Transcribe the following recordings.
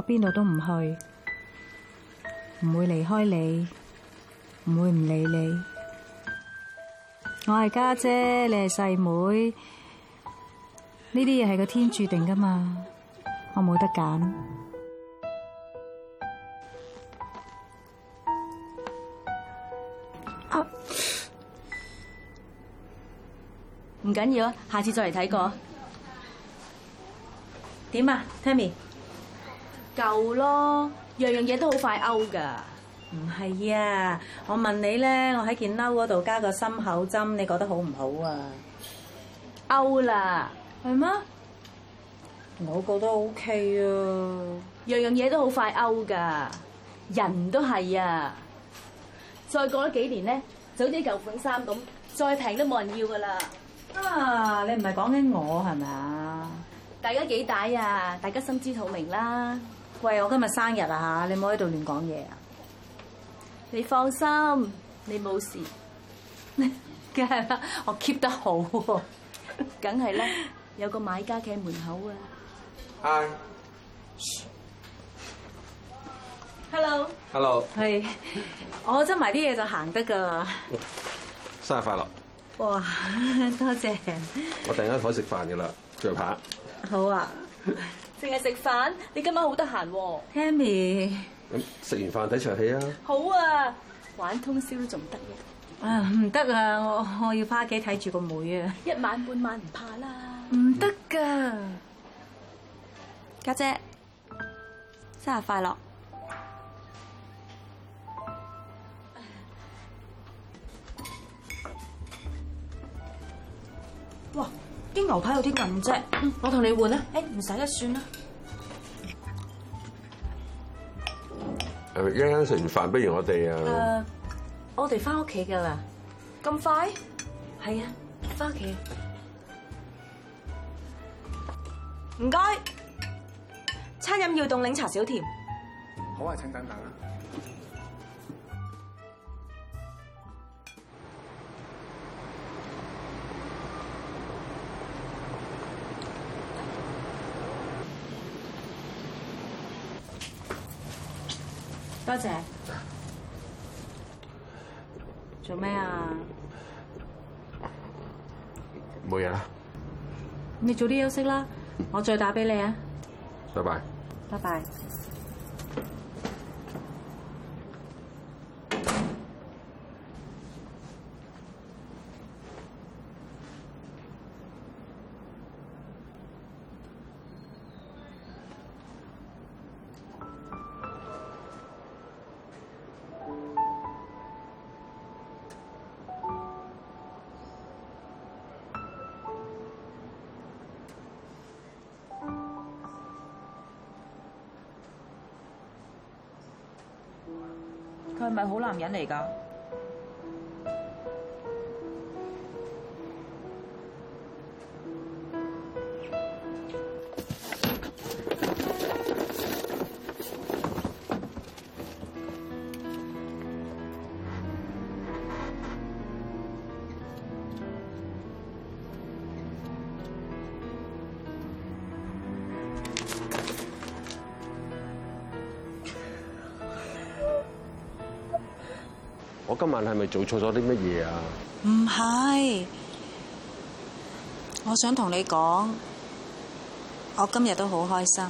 我邊度都唔去，唔會離開你，唔會唔理你。我係家姐，你係細妹，呢啲嘢係個天注定噶嘛，我冇得揀。啊，唔緊要啊，下次再嚟睇過。點啊，Tammy？舊咯，夠樣樣嘢都好快 out 㗎。唔係啊，我問你咧，我喺件褸嗰度加個心口針，你覺得好唔好啊？out 啦，係咩嗎？我覺得 OK 啊。樣樣嘢都好快 out 㗎，人都係啊。再過咗幾年咧，就好似舊款衫咁，再平都冇人要㗎啦。啊，你唔係講緊我係咪？大家幾大啊？大家心知肚明啦。喂，我今日生日啊嚇！你唔好喺度亂講嘢啊！你放心，你冇事，梗係啦，我 keep 得好，梗係啦，有個買家企門口啊！Hi，hello，hello，係，我執埋啲嘢就行得噶。生日快樂！哇，多謝！我突然間可以食飯噶啦，鋸扒。好啊。 淨係食飯，你今晚好得閒喎，Tammy、嗯。咁食完飯睇場戲啊！好啊，玩通宵都仲得嘅。啊，唔得啊，我我要返屋企睇住個妹啊，一晚半晚唔怕啦。行、嗯。唔得㗎，家姐生日快樂。哇！啲牛排有啲韌啫，嗯、我同你換啦，誒唔使啦，算啦。誒、嗯，一陣食完飯不如我哋、呃、啊？誒，我哋翻屋企噶啦，咁快？係啊，翻屋企。唔該，餐飲要凍檸茶少甜。好啊，請等等啦。多謝。做咩啊？冇嘢啦。你早啲休息啦， 我再打俾你啊。拜拜。拜拜。係咪好男人嚟？今晚你係咪做錯咗啲乜嘢啊？唔係，我想同你講，我今日都好開心。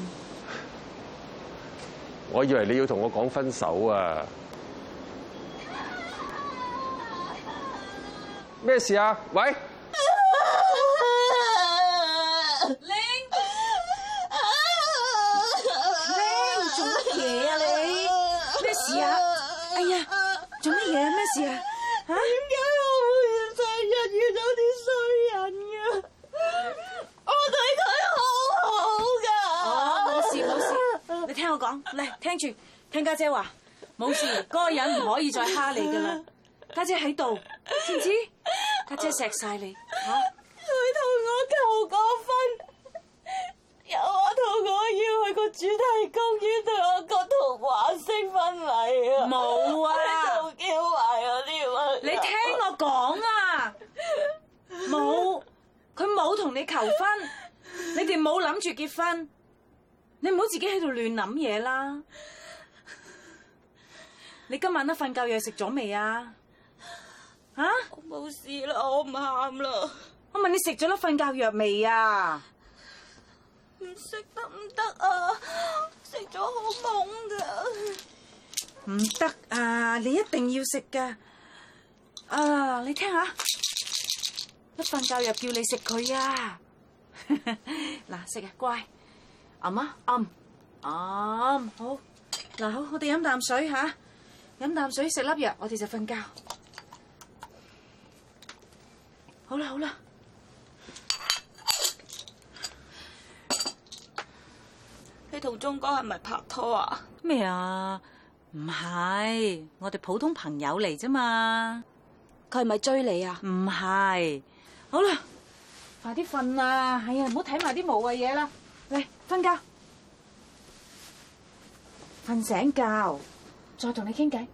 我以為你要同我講分手啊？咩事啊？喂！玲，玲做乜嘢啊？你咩事啊？哎呀！咩事啊？點解我會成日遇到啲衰人 啊？我對佢好好噶。哦，冇事冇事，你聽我講，嚟，聽住聽家姐話，冇事，嗰、那個人唔可以再蝦你噶啦。家姐喺度，知唔知？家姐錫晒你。吓、啊，佢同我求過婚，有我同我要去個主題公園對我個童話式婚禮啊。冇啊。同你求婚，你哋冇諗住結婚，你唔好自己喺度亂諗嘢啦。你今晚粒瞓覺藥食咗未啊？吓！我冇事啦，我唔喊啦。我問你食咗粒瞓覺藥未啊？唔食得唔得啊？食咗好懵噶，唔得啊！你一定要食噶。啊，你聽下。一瞓覺又叫你食佢啊！嗱，食啊，乖，阿媽啱啱好，嗱，好我哋飲啖水吓，飲啖水食粒藥，我哋就瞓覺。好啦，好啦，你同忠哥係咪拍拖啊？咩啊？唔係，我哋普通朋友嚟啫嘛。佢係咪追你啊？唔係。好啦，快啲瞓啦！哎呀，唔好睇埋啲無謂嘢啦，嚟，瞓覺，瞓醒覺，再同你傾偈。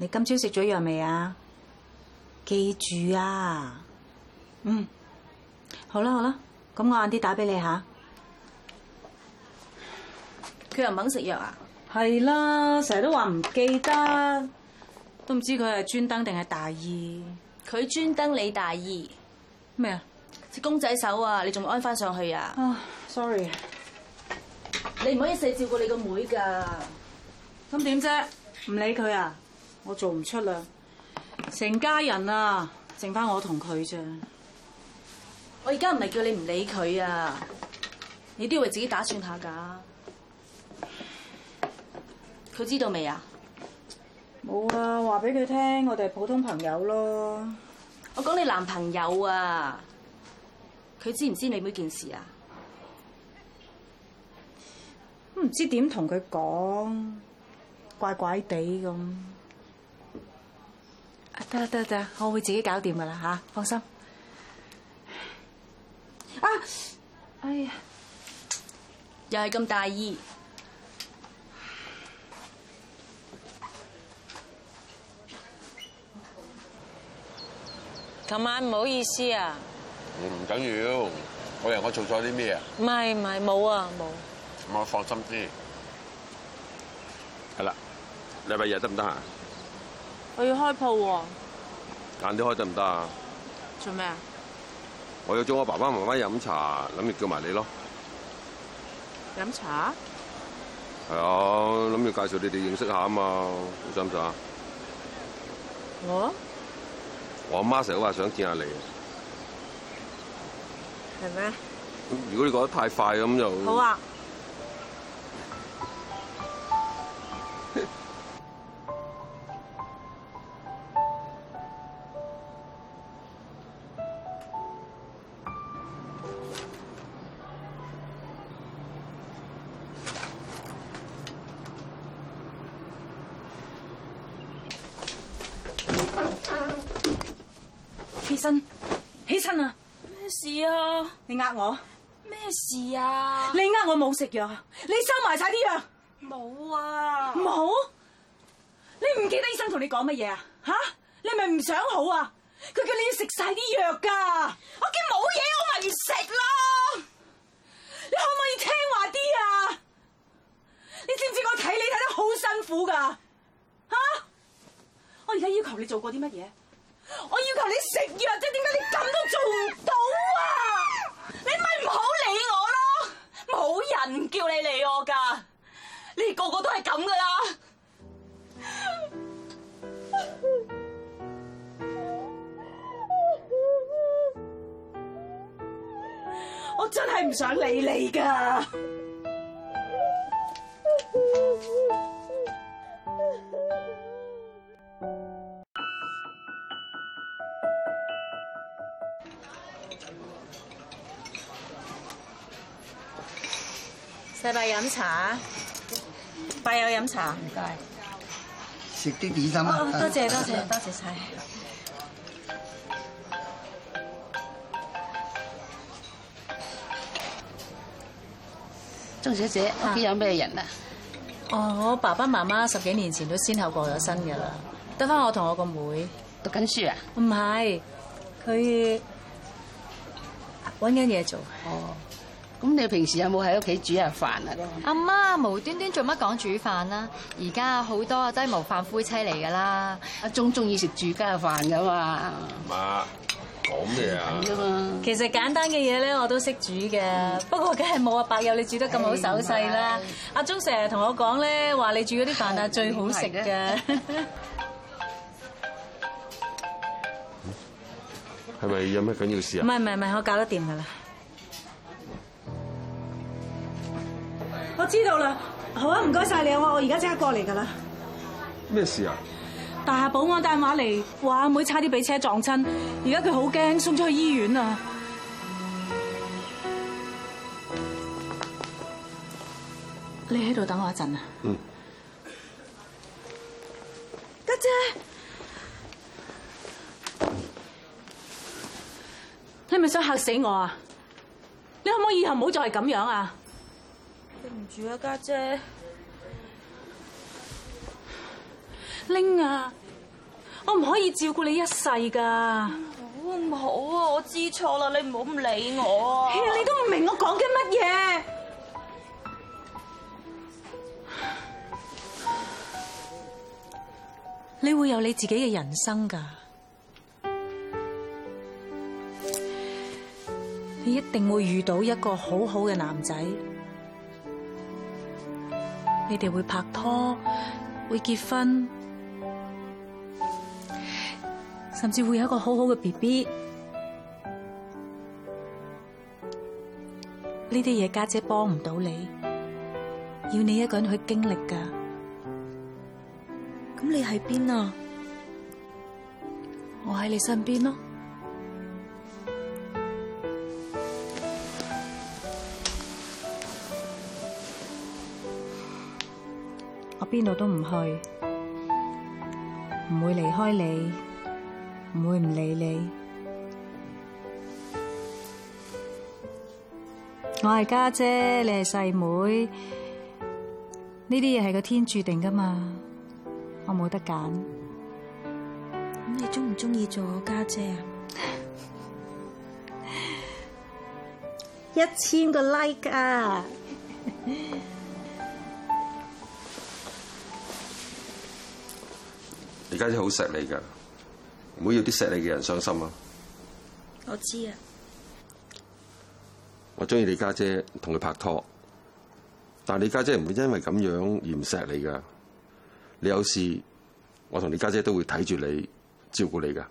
你今朝食咗藥未啊？記住啊，嗯，好啦好啦，咁我晏啲打俾你吓。佢又唔肯食藥啊？係啦，成日都話唔記得，都唔知佢係專登定係大意。佢專登理大意咩啊？隻公仔手啊，你仲安返上去啊？啊，oh, sorry，你唔可以四照顧你個妹㗎，咁點啫？唔理佢啊？我做唔出啦，成家人啊，剩翻我同佢啫。我而家唔係叫你唔理佢啊，你都要為自己打算下噶。佢知道未啊？冇啊，話俾佢聽，我哋係普通朋友咯。我講你男朋友啊，佢知唔知你每件事啊？唔知點同佢講，怪怪地咁。得啦得啦得啦，我會自己搞掂噶啦吓，放心。啊，哎呀，又係咁大意。琴晚唔好意思啊。唔緊要，我話我做錯啲咩啊？唔係唔係，冇啊冇。咁我放心啲。係啦，禮拜日得唔得閒？我要開鋪喎。啊，晏啲開得唔得啊？做咩啊？我要叫我爸爸媽媽飲茶，諗住叫埋你咯。飲茶？係啊，諗住介紹你哋認識下啊嘛，你想唔想？我？我阿媽成日都話想見下你，係咩嗎？如果你覺得太快咁就好啊。呃我咩事啊？你呃我冇食藥，你收埋晒啲藥。冇有啊！冇？你唔記得醫生同你講乜嘢啊？吓？你係咪唔想好啊？佢叫你要食晒啲藥噶。我見冇嘢，我咪唔食咯。你可唔可以聽話啲啊？你知唔知我睇你睇得好辛苦噶？吓、啊？我而家要求你做過啲乜嘢？我要求你食藥啫，點解你咁都做？ 人叫你理我噶，你個個都係咁噶啦， 我真係唔想理你噶。 世伯飲茶，伯母飲茶。唔該。食啲點心啊！多謝多謝多謝晒。鍾小姐屋企有咩人啊？哦，我爸爸媽媽十幾年前都先後過咗身噶啦，得翻我同我個妹。妹讀緊書啊？唔係，佢揾緊嘢做。哦。咁你平時有冇喺屋企煮下飯啊？阿媽無端端做乜講煮飯啦。而家好多低模範夫妻嚟噶啦，阿忠中意食住家飯噶嘛？媽講咩啊？其實簡單嘅嘢咧，我都識煮嘅，不過梗係冇阿伯有你煮得咁好手勢啦。的阿忠成日同我講咧，話你煮嗰啲飯啊最好食嘅。係咪的 有咩緊要事啊？唔係唔係唔係，我搞得掂噶啦。我知道啦，好啊，唔該晒你，我我而家即刻過嚟噶啦。咩事啊？大廈保安打電話嚟，話阿妹差啲俾車撞親，而家佢好驚，送咗去醫院啊！你喺度等我一陣啊。嗯。家姐，嗯，你係咪想吓死我啊？你可唔可以以後唔好再係咁樣啊？住啊，家姐玲啊！我唔可以照顧你一世噶，好唔好啊？我知錯啦，你唔好唔理我啊！其實你都唔明我講緊乜嘢。 你會有你自己嘅人生噶，你一定會遇到一個好好嘅男仔。你哋會拍拖，會結婚，甚至會有一個好好嘅 BB。呢啲嘢，家姐幫唔到你，要你一個人去經歷㗎。咁你喺邊啊？我喺你身邊咯。邊度都唔去，唔會離開你，唔會唔理你。我係家姐，你係細妹，呢啲嘢係個天注定噶嘛，我冇得揀。咁你中唔中意做我家姐啊？一千個 like 啊！ 家姐好錫你噶，唔好要啲錫你嘅人傷心啊！我知啊，我中意你家姐，同佢拍拖，但係你家姐唔會因為咁樣而唔錫你噶。你有事，我同你家姐都會睇住你，照顧你噶。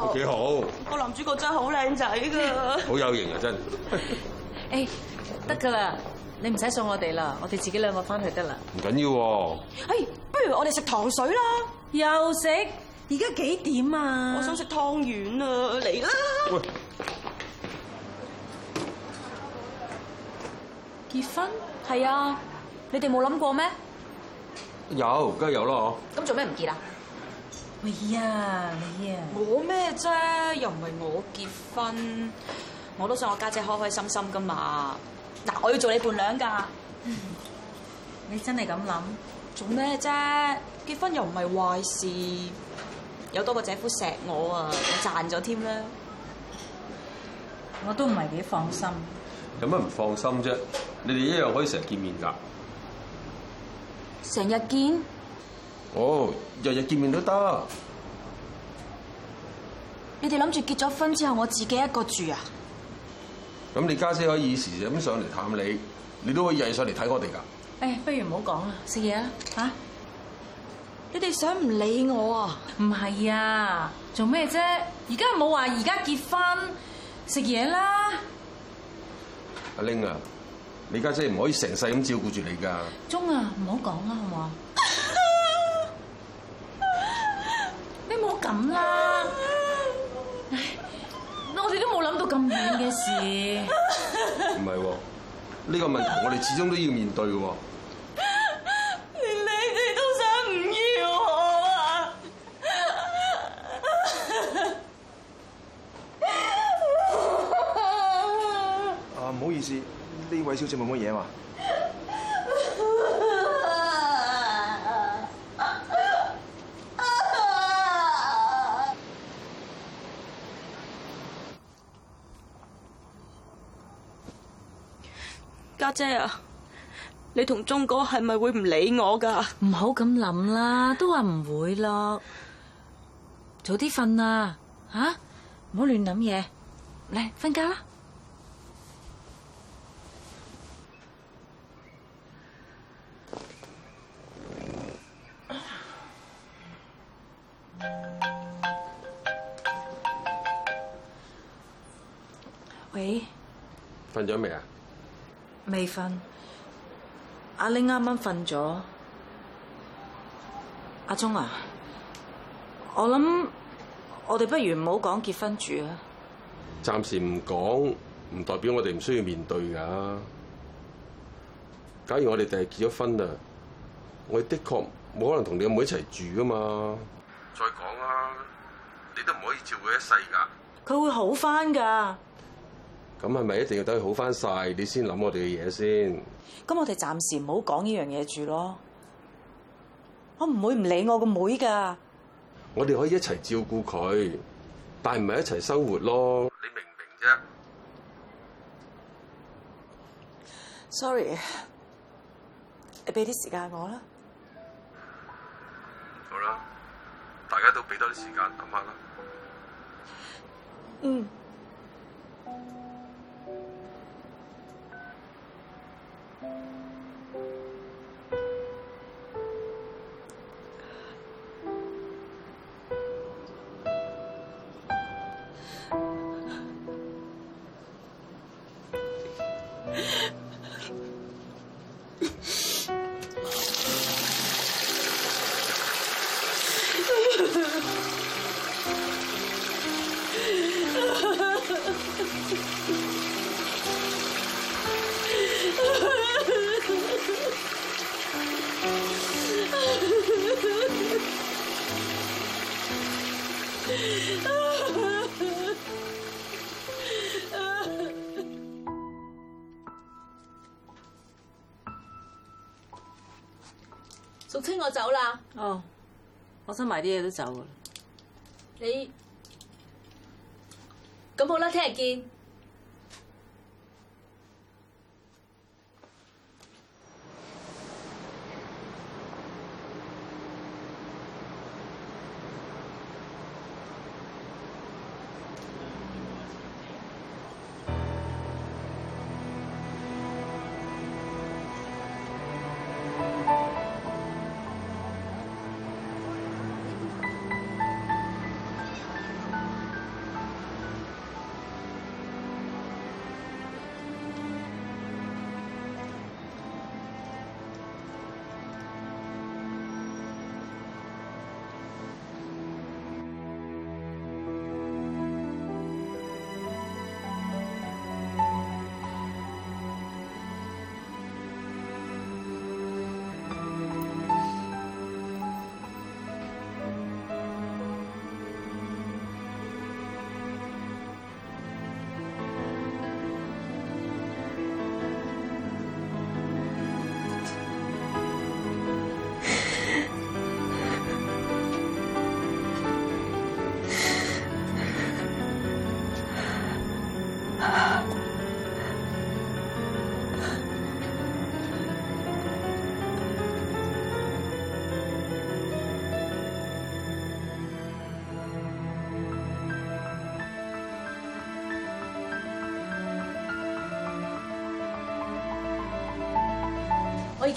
都幾好，個男主角真係好靚仔噶，好有型啊真。哎、 欸，得噶啦，你唔使送我哋啦，我哋自己兩個翻去得啦。唔緊要喎。哎，不如我哋食糖水啦，又食。而家幾點啊？我想食湯圓啊，嚟啦。喂，結婚？係啊，你哋冇諗過咩？有，梗係有囉。咁做咩唔結啊？哎呀，你啊！我咩啫？又唔係我結婚，我都想我家姐開開心心噶嘛。嗱，我要做你伴娘噶。 你真係咁諗？做咩啫？結婚又唔係壞事，有多個姐夫錫我啊，又賺咗添啦。我都唔係幾放心。有乜唔放心啫？你哋一樣可以成日見面噶。成日見？哦，日日，oh, 見面都得。你哋諗住結咗婚之後，我自己一個住啊？咁你家姐、姐可以時時咁上嚟探你，你都可以日日上嚟睇我哋噶。誒，hey, 不如唔好講啦，食嘢啦嚇！你哋想唔理我啊？唔係啊，做咩啫？而家冇話，而家結婚食嘢啦。阿玲啊，你家，啊，姐唔可以成世咁照顧住你噶。忠啊，唔好講啦，好唔好啊？你唔好咁啦，唉，我哋都冇諗到咁遠嘅事。唔係喎，呢、這個問題我哋始終都要面對嘅喎。連你哋都想唔要我啊！啊，唔好意思，呢位小姐冇乜嘢嘛？姐啊，你同忠哥係咪會唔理我噶？唔好咁諗啦，都話唔會咯。早啲瞓啊，吓？唔好亂諗嘢，嚟，瞓覺啦。喂，瞓咗未啊？未瞓，阿玲啱啱瞓咗。阿忠啊，我諗我哋不如唔好講結婚住啊。暫時唔講唔代表我哋唔需要面對噶。假如我哋第日結咗婚啊，我哋的確冇可能同你阿妹，妹一齊住噶嘛。再講啦，你都唔可以照顧一世噶。佢會好返噶。咁係咪一定要等佢好翻晒，你先諗我哋嘅嘢先？咁我哋暫時唔好講呢樣嘢住咯。我唔會唔理我個妹噶。我哋可以一齊照顧佢，但係唔係一齊生活咯。你明唔明啫？Sorry，你俾啲時間我啦。好啦，大家都俾多啲時間諗下啦。想想嗯。淑清，我走啦，哦，我收埋啲嘢都走噶，你咁好啦。聽日見。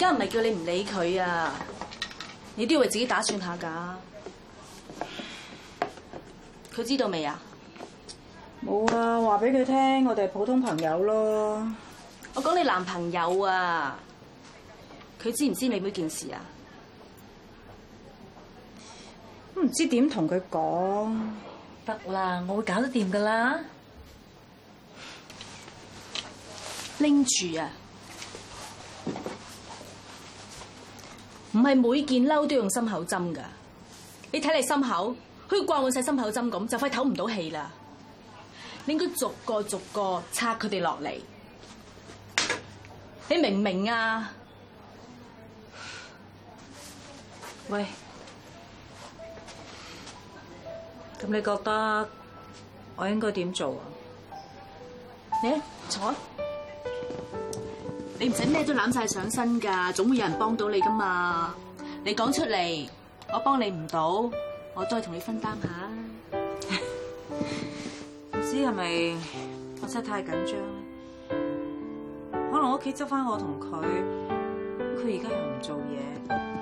而家唔係叫你唔理佢啊，你都要為自己打算下噶。佢知道未啊？冇啊，話俾佢聽，我哋係普通朋友咯。我講你男朋友啊，佢知唔知你每件事啊？都唔知點同佢講。得啦，我會搞得掂噶啦。拎住啊！唔係每件褸都要用心口針噶你睇，你心口好似掛滿晒心口針咁，就快唞唔到氣啦。你應該逐個逐個拆佢哋落嚟，你明唔明啊？喂，咁你覺得我應該點做啊？你坐。你唔使咩都攬晒上身噶，總會有人幫到你噶嘛。你講出嚟，我幫你唔到，我都係同你分擔下。唔 知係咪我真係太緊張咧？可能我屋企執翻我同佢，佢而家又唔做嘢。